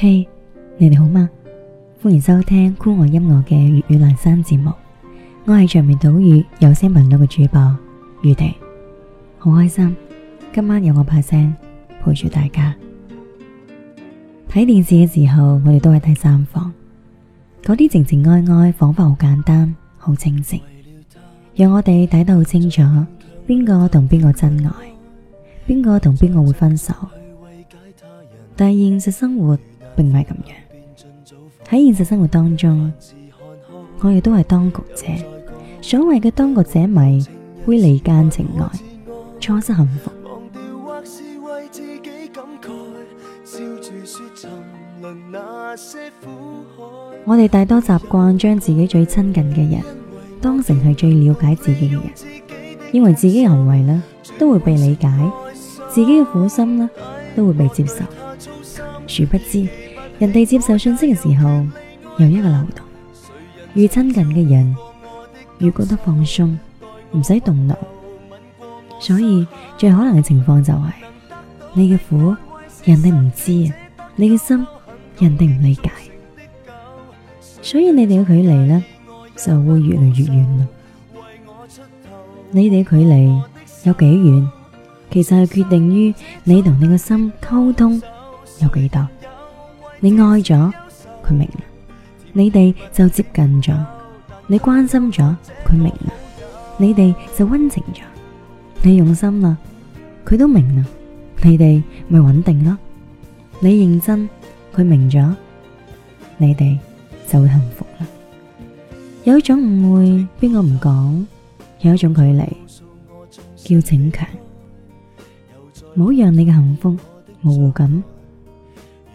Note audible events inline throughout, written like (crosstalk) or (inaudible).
嘿，hey, 你哋好嗎？歡迎收聽酷我音樂嘅粵語南山節目，我係上面島嶼有聲頻道嘅主播雨蝶，好開心今晚有我把聲陪住大家。睇電視嘅時候，我哋都係第三方，嗰啲情情愛愛仿佛好簡單，好清晰，讓我哋睇得好清楚邊個同邊個真愛，邊個同邊個會分手。但係現實生活，並唔係咁樣，喺現實生活當中，我哋都係當局者。所謂嘅當局者迷，會離間情愛，錯失幸福。我哋大多習慣將自己最親近嘅人當成係最了解自己嘅人，認為自己嘅行為啦都會被理解，自己嘅苦心啦都會被接受，殊不知。人哋接受信息嘅時候，有一個漏洞。越親近嘅人，越覺得放鬆，唔使動腦。所以最可能嘅情況就係，你嘅苦人哋唔知，你嘅心人哋唔理解，所以你哋嘅距離咧就會越嚟越遠啦。你哋嘅距離有幾遠，其實係決定於你同你嘅心溝通有幾多。你愛咗，佢明，你哋就接近咗，你關心咗，佢明，你哋就溫情咗，你用心啦，佢都明啦；你哋咪穩定咯；你認真，佢明咗，你哋就會幸福啦。有一種誤會，邊個唔講？有一種距離叫逞強，唔好讓你嘅幸福模糊咁。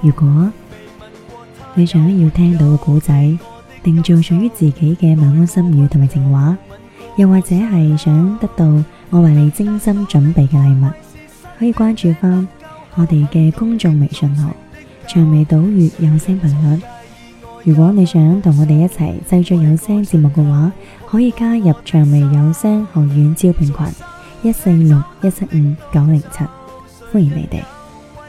如果你想要聽到嘅古仔，定做屬於自己嘅晚安心語同埋情話，又或者係想得到我為你精心準備嘅禮物，可以關注翻我哋嘅公眾微信號“薔薇島嶼有聲頻率”。如果你想同我哋一齊製作有聲節目嘅話，可以加入薔薇有聲學院招聘群一四六一七五九零七，歡迎你哋。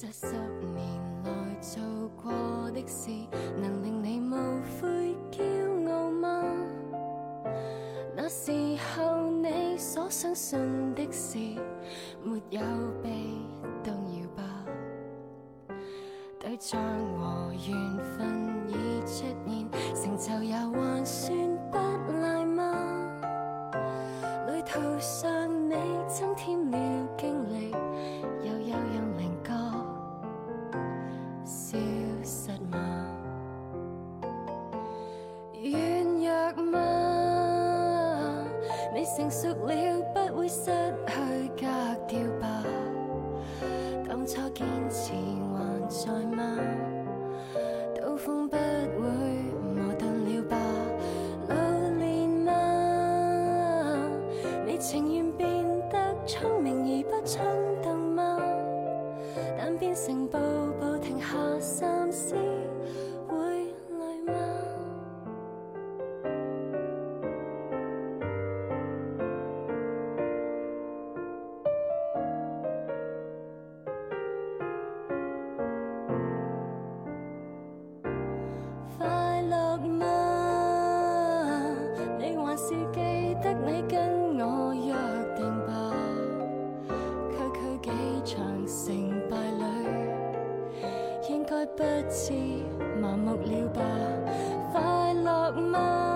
這十年來做過的事，能令你無悔驕傲嗎？那時候你所相信的事，沒有被動搖吧？對象和緣分已出現，成就也還算不賴嗎？旅途上你增添。成熟了不會失去格調吧？當初堅持還在嗎？刀鋒不會磨鈍了吧？老練嗎？你情願變得聰明而不衝動嗎？但變成步步停下三思。不知麻木了吧，快樂嗎？ (noise)